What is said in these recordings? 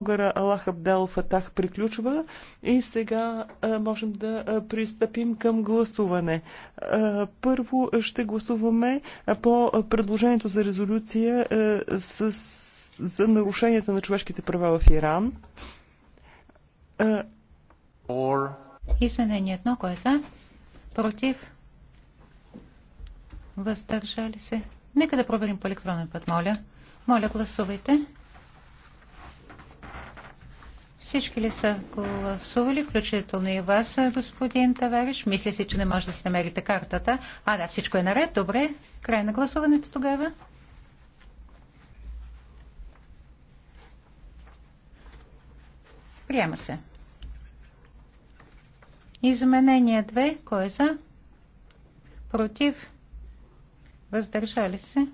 блогъра Аллах Абдал Фатах приключва и сега можем да пристъпим към гласуване. Първо ще гласуваме по предложението за резолюция с, за нарушенията на човешките права в Иран. Or... Изменение едно, кой е за? Против? Въздържали се? Нека да проверим по електронен път, моля. Моля, гласувайте. Всички ли са гласували, включително и вас, господин Тавариш? Мисля си, че не може да си намерите картата. А, да, всичко е наред. Добре. Край на гласуването тогава. Приема се. Изменение 2. Кой е за? Против? Въздържали се?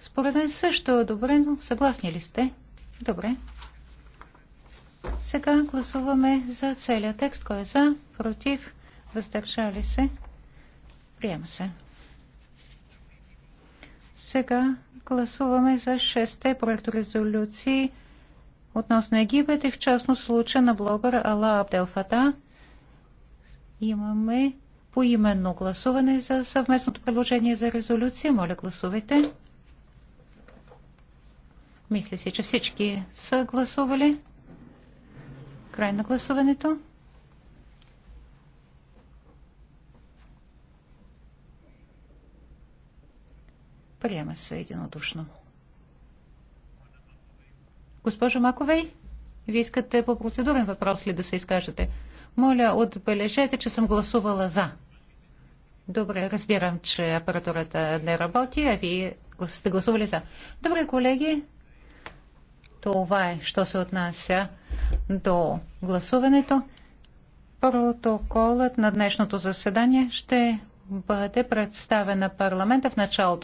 Според мен също е добре, но съгласни ли сте? Добре. Сега гласуваме за целият текст. Кой е за? Против? Въздържали се? Приема се. Сега гласуваме за шесте резолюции относно Египет и в частност случая на блогъра Ала Абделфата. Имаме поименно гласуване за съвместното предложение за резолюция. Моля, гласувайте. Мисля си, че всички са гласували. Край на гласуването. Приема се единодушно. Госпожо Маковей, вие искате по процедурен въпрос ли да се изкажете? Моля, отбележете, че съм гласувала за. Добре, разбирам, че апаратурата не работи, а вие сте гласували за. Добре, колеги, това е, що се отнася до гласуването. Протоколът на днешното заседание ще бъде представен на парламента в началото